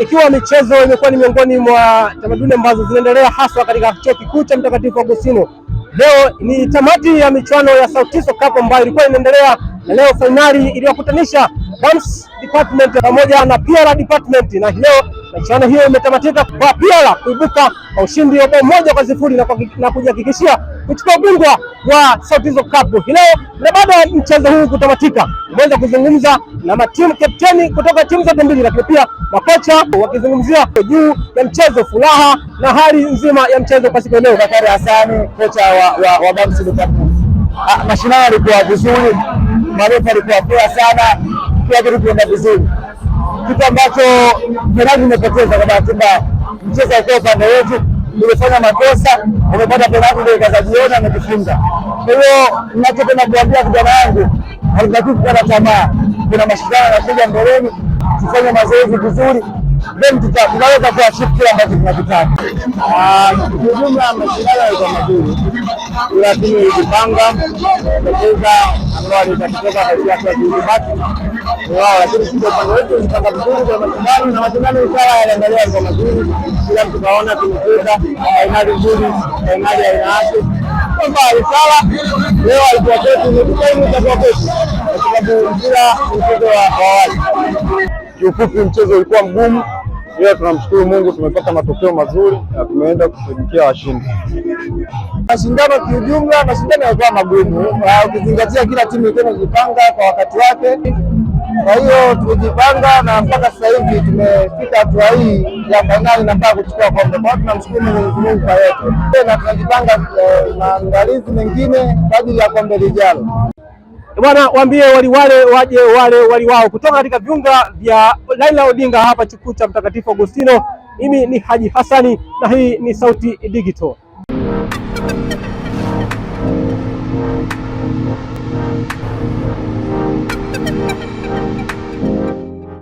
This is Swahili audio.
Ikiwa michezo imekuwa ni miongoni mwa tamaduni ambazo zinaendelea haswa katika chuo kikuu cha Mtakatifu Agustino, leo ni tamati ya michuano ya Sautiso Cup ambayo ilikuwa inaendelea, na leo fainali iliyokutanisha dance department pamoja na Piala department, na leo michuano hiyo imetamatika kwa Piala kuibuka kwa ushindi wa bao moja kwa sifuri na na kujihakikishia kuchukua ubingwa wa South Hizo Cup leo. Na baada ya mchezo huu kutamatika, umeweza kuzungumza na matimu kapteni kutoka timu zote mbili, lakini pia makocha wakizungumzia juu ya mchezo, furaha na hali nzima ya mchezo kwa siku ya leo. Bakari Hasani, kocha wa, wa, wa Bamsi ah, Mashindano yalikuwa vizuri, marefu alikuwa poa sana afya yake tukienda vizuri, kitu ambacho penalti imepoteza kwa bahati mbaya. Mchezo ukiwa upande wetu, nilifanya makosa, nimepata penalti dakika za jioni, ametufunga. Kwa hiyo ninachopenda kuambia vijana wangu, hatutaki kukata tamaa, kuna mashindano yanakuja mbeleni, tufanye mazoezi vizuri tunaweza kuwa kile ambacho tunakitaka. Kwa jumla mashindano yalikuwa mazuri kila timu ilijipanga kucheza ambao walitakiwa katika hatua zilizobaki wao, lakini sisi upande wetu tulipanga vizuri kwa mashindano na mashindano ikawa yaliangalia kwa mazuri, kila mtu kaona tumecheza fainali nzuri, fainali aina yake kwamba alisala leo alikuwa kwetu, imepita hivi itakuwa kwetu, kwa sababu mpira mchezo wa awali. Kiufupi mchezo ulikuwa mgumu ila tunamshukuru Mungu tumepata matokeo mazuri na tumeenda kutumikia washindi. Mashindano kiujumla, mashindano yalikuwa magumu ukizingatia kila timu ilikuwa inajipanga kwa wakati wake. Kwa hiyo tumejipanga na mpaka sasa hivi tumefika hatua hii ya fainali na mpaka kuchukua kombe. Kwa hiyo tunamshukuru Mwenyezi Mungu kwa yote, na tunajipanga eh, maandalizi mengine kwa ajili ya kombe lijalo. Bwana, waambie waliwale waje wale waliwao kutoka katika viunga vya Raila Odinga hapa cha Mtakatifu Agostino. Mimi ni Haji hasani na hii ni Sauti Digital.